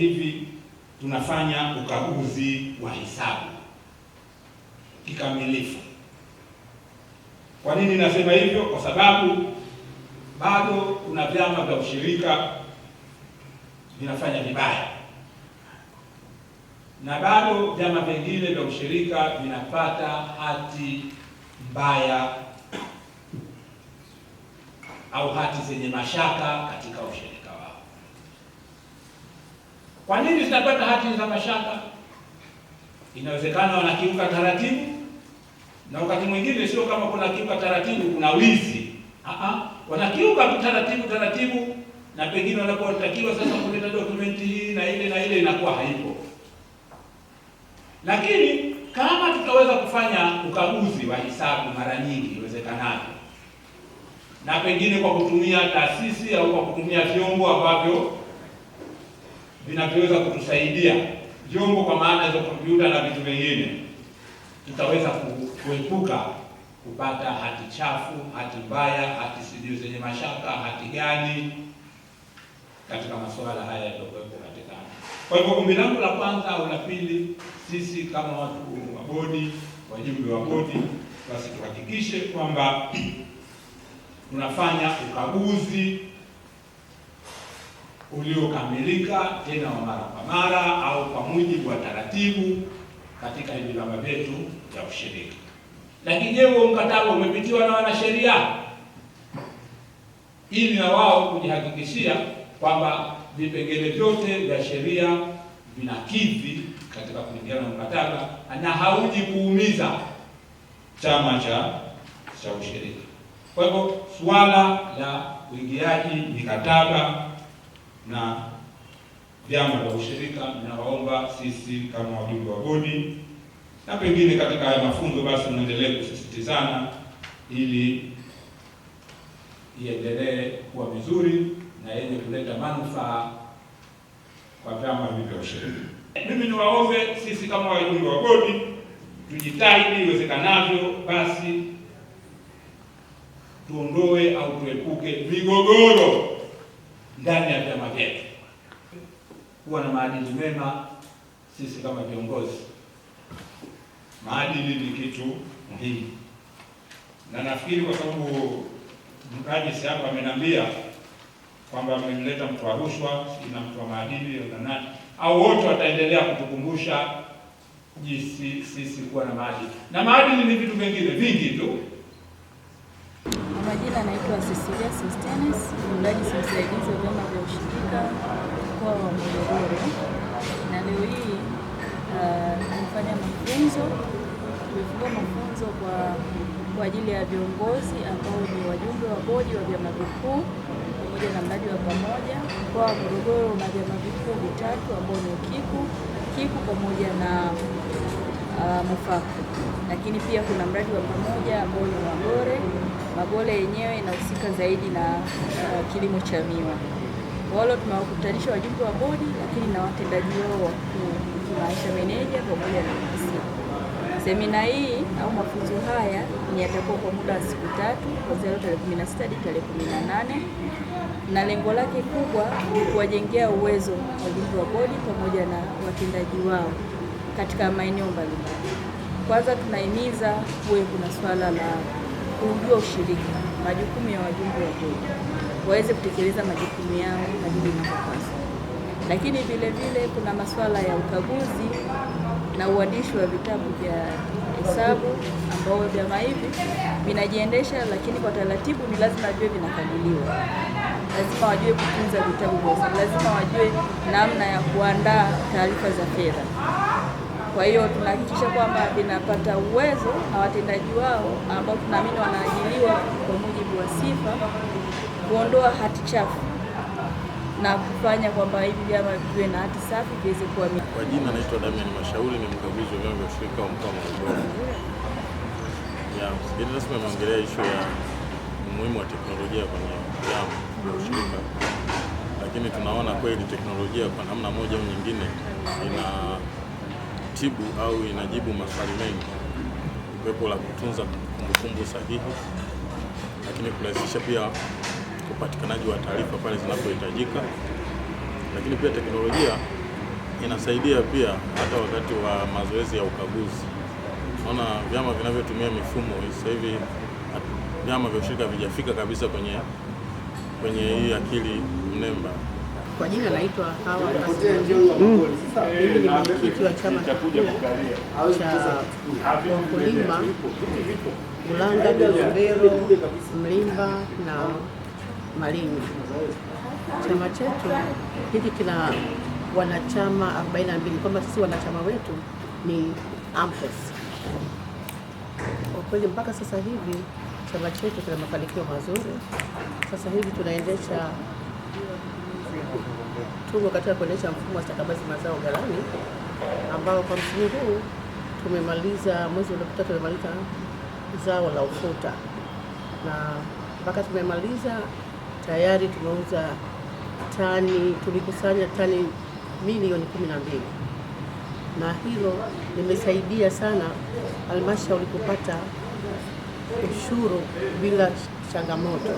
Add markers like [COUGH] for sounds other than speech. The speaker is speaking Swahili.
hivi tunafanya ukaguzi wa hesabu kikamilifu. Kwa nini nasema hivyo? Kwa sababu bado kuna vyama vya ushirika vinafanya vibaya na bado vyama vingine vya ushirika vinapata hati mbaya au hati zenye mashaka katika ushirika. Kwa nini zinapata hati za mashaka? Inawezekana wanakiuka taratibu, na wakati mwingine sio kama kunakiuka taratibu kuna wizi Aha, wanakiuka taratibu taratibu, na pengine wanapotakiwa sasa kuleta dokumenti hii na ile na ile inakuwa haipo. Lakini kama tutaweza kufanya ukaguzi wa hisabu mara nyingi iwezekanavyo, na pengine kwa kutumia taasisi au kwa kutumia vyombo ambavyo vinavyoweza kutusaidia vyombo, kwa maana hizo kompyuta na vitu vingine, tutaweza kuepuka kupata hati chafu, hati mbaya, hati sijui zenye mashaka, hati gani katika masuala haya yaliyokuwepo katika. Kwa hivyo ombi langu la kwanza au la pili, sisi kama watu wa bodi, wajumbe wa bodi, basi tuhakikishe kwamba [CLEARS THROAT] tunafanya ukaguzi uliokamilika tena wa mara kwa mara au kwa mujibu wa taratibu katika hivi vyama vyetu vya ushirika. Lakini je, huo mkataba umepitiwa na wanasheria ili na wao kujihakikishia kwamba vipengele vyote vya sheria vinakidhi katika kulingana na mkataba na hauji kuumiza chama cha cha ushirika. Kwa hivyo suala la uingiaji mikataba na vyama vya ushirika, ninawaomba sisi kama wajumbe wa bodi na pengine katika haya mafunzo basi mwendelee kusisitizana ili iendelee kuwa vizuri na yenye kuleta manufaa kwa vyama hivi vya ushirika. Mimi niwaombe sisi kama wajumbe wa bodi tujitahidi iwezekanavyo basi tuondoe au tuepuke migogoro ndani ya vyama vyetu, kuwa na maadili mema sisi kama viongozi. Maadili ni kitu muhimu, na nafikiri kwa sababu mrajisi hapa ameniambia kwamba amemleta mtu wa rushwa ina mtu wa maadili na nani au wote wataendelea kutukumbusha jinsi sisi kuwa na maadili, na maadili ni vitu vingine vingi tu. Majina anaitwa Cecilia Sostenes, mrajisi msaidizi wa vyama vya ushirika mkoa wa Morogoro, na leo hii tumefanya uh, mafunzo. Tumefungua mafunzo kwa kwa ajili ya viongozi ambao ni wajumbe wa bodi wa vyama vikuu pamoja na mradi wa pamoja. Mkoa wa Morogoro na vyama vikuu vitatu ambao ni Ukiku, Kiku pamoja na uh, Mofaku, lakini pia kuna mradi wa pamoja ambao ni Wagore magole yenyewe inahusika zaidi na uh, kilimo cha miwa. Walo tumewakutanisha wajumbe wa bodi, lakini na watendaji wao wakuu kimaisha meneja pamoja na ofisi. Semina hii au mafunzo haya ni yatakuwa kwa muda wa siku tatu kuanzia tarehe 16 hadi tarehe 18 na lengo lake kubwa ni kuwajengea uwezo wajumbe wa bodi pamoja na watendaji wao katika maeneo mbalimbali. Kwanza tunahimiza kuwe kuna swala la kuujua ushirika, majukumu ya wajumbe wa bodi, waweze kutekeleza majukumu yao kadiri inavyopaswa. Lakini vile vile kuna masuala ya ukaguzi na uandishi wa vitabu vya hesabu ambao vyama hivi vinajiendesha, lakini kwa taratibu ni lazima viwe vinakaguliwa. Lazima wajue kutunza vitabu vya lazima wajue namna ya kuandaa taarifa za fedha. Kwa hiyo tunahakikisha kwamba vinapata uwezo na watendaji wao ambao tunaamini wanaajiriwa kwa mujibu wa sifa, kuondoa hati chafu na kufanya kwamba hivi vyama viwe na hati safi viweze kuwa. Kwa jina naitwa Damian Mashauri, ni mkaguzi wa vyama vya ushirika wa mkoa wa Morogoro. Mgeni rasmi ameongelea ishu ya umuhimu wa teknolojia kwenye vyama vya ushirika, lakini tunaona kweli teknolojia kwa namna moja au nyingine ina inatibu au inajibu maswali mengi, kuwepo la kutunza kumbukumbu sahihi, lakini kurahisisha pia upatikanaji wa taarifa pale zinapohitajika, lakini pia teknolojia inasaidia pia hata wakati wa mazoezi ya ukaguzi. Naona vyama vinavyotumia mifumo sasa hivi, vyama vya ushirika vijafika kabisa kwenye kwenye hii akili mnemba. Kwa jina naitwa Hawa mm. ni mwenyekiti wa chama kikuu cha wakulima ulanga Kilombero, Mlimba na Malinyi. Chama chetu hiki kina wanachama 42 kwamba sisi wanachama wetu ni Amcos. Kwa kweli mpaka sasa hivi chama chetu kina mafanikio mazuri. Sasa hivi tunaendesha Tuko katika kuendesha mfumo wa stakabadhi mazao ghalani ambao kwa msimu huu tumemaliza, mwezi uliopita tumemaliza zao la ufuta, na mpaka tumemaliza tayari tumeuza tani, tulikusanya tani milioni kumi na mbili na hilo limesaidia sana halmashauri kupata ushuru bila changamoto.